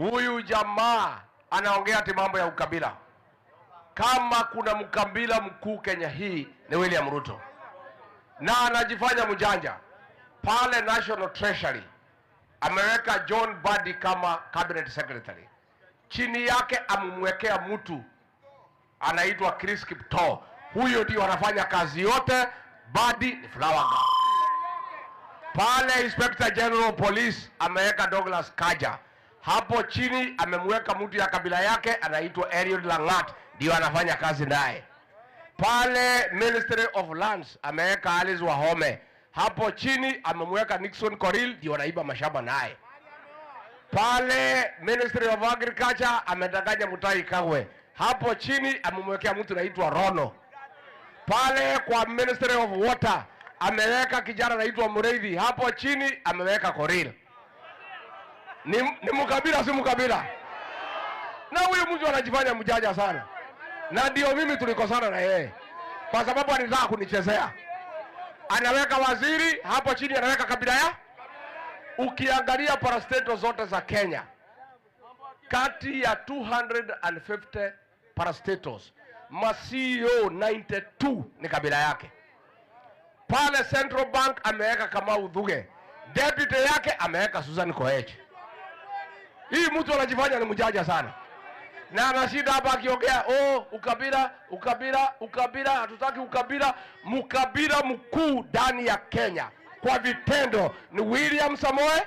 Huyu jamaa anaongea ati mambo ya ukabila. Kama kuna mkabila mkuu Kenya hii ni William Ruto, na anajifanya mjanja pale National Treasury ameweka John Badi kama cabinet secretary. Chini yake amemwekea mtu anaitwa Chris Kipto. Huyo ndio anafanya kazi yote. Badi ni flower girl. Pale Inspector General Police ameweka Douglas Kaja hapo chini amemweka mtu ya kabila yake anaitwa Eliud Langat, ndio anafanya kazi naye pale. Ministry of Lands ameweka Alice Wahome, hapo chini amemweka Nixon Koril, ndio anaiba mashamba naye pale. Ministry of Agriculture amedanganya Mutai Kagwe, hapo chini amemwekea mtu anaitwa Rono. Pale kwa Ministry of Water ameweka kijana anaitwa Mureithi, hapo chini ameweka Koril ni, ni mkabila si mkabila, na huyu mtu anajifanya mjaja sana, na ndio mimi tulikosana na yeye kwa sababu alitaka kunichezea. Anaweka waziri hapo chini, anaweka kabila ya. Ukiangalia parastato zote za Kenya, kati ya 250 parastatos Masio 92 ni kabila yake. Pale Central Bank ameweka Kamau Dhuge, deputy yake ameweka Susan Koech. Hii mtu anajifanya ni mjanja sana na shida hapa akiongea oh, ukabila ukabila ukabila. Hatutaki ukabila. Mkabila mkuu ndani ya Kenya kwa vitendo ni William Samoe